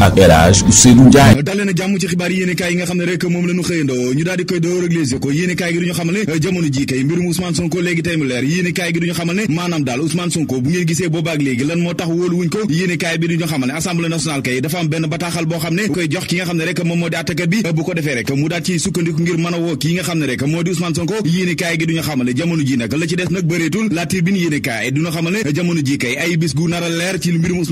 ak El Hadj Ousseynou Ndiaye dal leen a jàmm ci xibaar yi yi nga xam ne rek moom la ñu xëyandoo ñu daal di koy door ak Les Échos gi duñu xamal ne euh, jamono ji kay mbirum Ousmane Sonko léegi tey mu leer yéene kaay gi duñu xamal ne maanaam daal Ousmane Sonko bu ngeen gisee ko yéene kaay nationale kay dafa am benn bataaxal boo xam ne koy jox ki nga xam ne rek moom moo di attakat bi bu ko defee rek mu daal ci sukkandiku ngir mën a woo ki nga xam ne rek moo di Ousmane Sonko yéene kaay gi duñu xamal ne jamono ji nag la ci des nag bëreetul la tribune yéene kaay duñu xamal a leer ci mbirum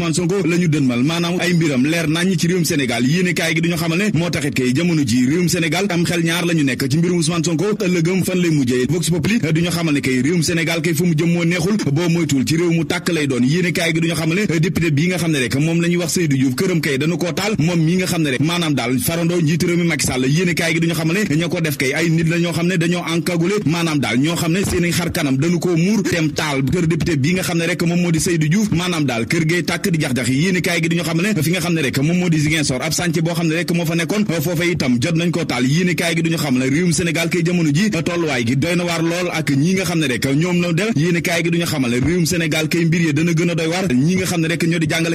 la ñu dënmal maanaam ay mbiram leer naññ ci réewum Sénégal yéene kaay gi duñu xamal ne moo taxit kay jamono ji réewum Sénégal am xel ñaar la ñu nekk ci mbirum Ousmane Sonko ëllëgëm fan lay mujjee Vox Populi duñu xamal ne kay mu jëm moo neexul boo moytul ci réew mu tàkk lay doon yéene kaay gi duñu xamal ne député bii nga ne rek moom la ñuy wax Seydou moom mii nga xam ne rek maanaam daal farandoo njiitu réew mi Macky Sall yéene kaay gi duñu xamal ne ña ko def kay ay nit la ñoo xam ñoo xam ne seen xar kanam dañu koo muur dem taal kër député bii nga xam ne rek moom moo di Seydou Diouf maanaam daal kër gay tàkk di jax-jax yéene kaay gi duñu xamal ne fi nga xam ne rek moom moo di Ziguinchor ab sànc boo xam ne rek moo fa nekkoon foofa itam jot nañ koo taal yéene kaay gi duñu xam la réewum Sénégal kay jamono ji tolluwaay gi doy na waar ne rek a doy waar xam ne rek ñoo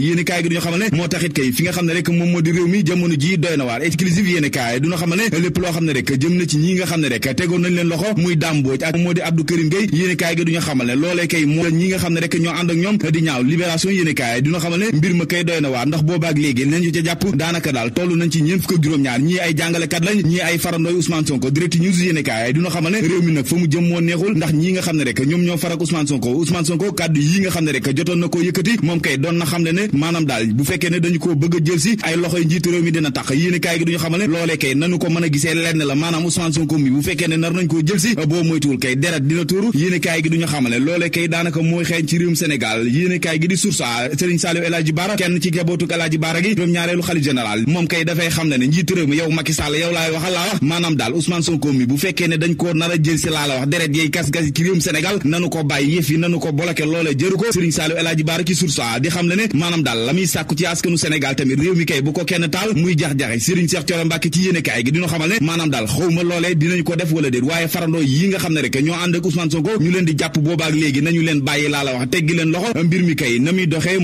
jëm ne moo taxit nga xam ne rek moom tegoon nañ leen loxo muy dàmbooj ak moo di Abdou Karim Gueye yéene gi duñu xamal ne loolee kay moo nga xam ne rek ñoo ànd ak ñoom di ñaaw libération libération yéene kaay dina xamal ne mbir ma kay doy na waar ndax boobaak léegi nañu ca jàpp daanaka daal toll nañ ci ñeent fukk juróom-ñaar ñii ay jàngalekat lañ ñii ay farandooy Ousmane Sonko nga xam ne rek ñoom ñoo na koo yëkkati moom kay doon na xam ne ne maanaam daal bu a jël ko mën a gisee lenn la gi duñu xamal ne kay daanaka mooy xeeñ ci réewum Sénégal yéene kaay gi di sursa Serigne Saliou El Hadji Bara kenn ci jabootuk El Bara gi juróom-ñaareelu xalif général moom kay dafay xam ne ne njiitu réew mi yow Macky Sall yow laay wax a jël si daal la muy sàkku ci ko def wala déet waaye farandoo yi nga xam ne rek ñoo ànd ak Ousmane Sonko ñu leen di jàpp boobaak léegi nañu leen bàyyi laa wax teggi leen loxo mbir mi kay muy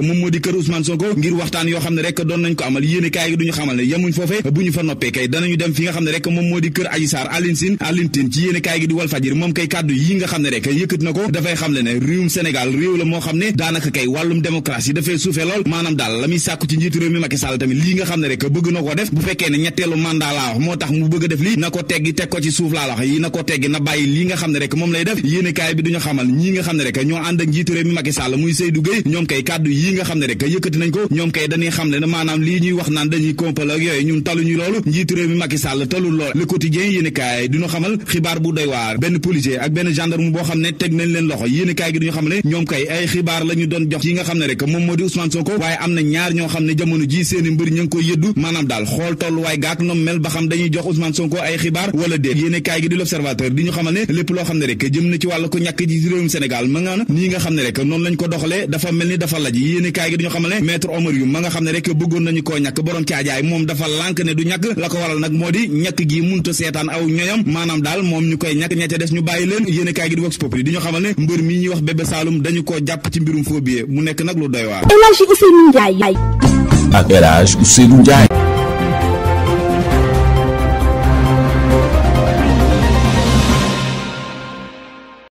moom moo di kër Ousmane Sonko ngir ci yéen gi di Walf Fadjri moom kay kàddu yi nga xam ne rek yëkkati na ko dafay xam ne ne Sénégal réew la moo xam ne daanaka kay wàllum démocratie dafay suufe lool maanaam daal la muy sàkku ci njiitu réew mi Macky Sall tamit lii nga xam ne rek bëgg na ko def bu fekkee ne ñetteelu mandat moo tax mu bëgg def lii na ko teggi teg ko ci suuf la laa wax yi na ko teggi na bàyyi li nga xam ne rek moom lay def yéenekaay bi duñu xamal xam ne rek ñoo ànd ak njiitu réew mi ne rek yëkkati nañ ko ñoom kay dañuy xam ne maanaam lii ñuy wax naan dañuy kompal xibaar bu doy waar benn policier ak benn gendarme boo xam ne teg nañ leen loxo yéenekaay gi duñu xam ñoom kay ay xibaar la doon jox yi nga xam ne rek moom moo di Ousmane Sonko waaye am na ñaar ñoo xam ne jamono ji seeni mbir ñu koy yëddu maanaam daal xool tolluwaay gaak noom mel ba xam dañuy jox Ousmane Sonko ay xibaar wala déet kaay gi di l'observateur di ñu xamal loo xam ne rek jëm na ci wàllu ko ne rek noonu lañ ko doxalee dafa mel ni dafa laj yéen kaay gi di ñu xamal ne maître Omar Youm ma nga xam ne rek bëggoon nañu koo seetaan aw ñoñam maanaam daal moom ñu koy ñàkk ña ca des ñu bàyyi leen yéen kaay gi di vox populi di ñu xamal ne mbër mi ñuy wax Bébé Saloum dañu koo jàpp ci mbirum faux billet mu nekk nag lu doy waar ak El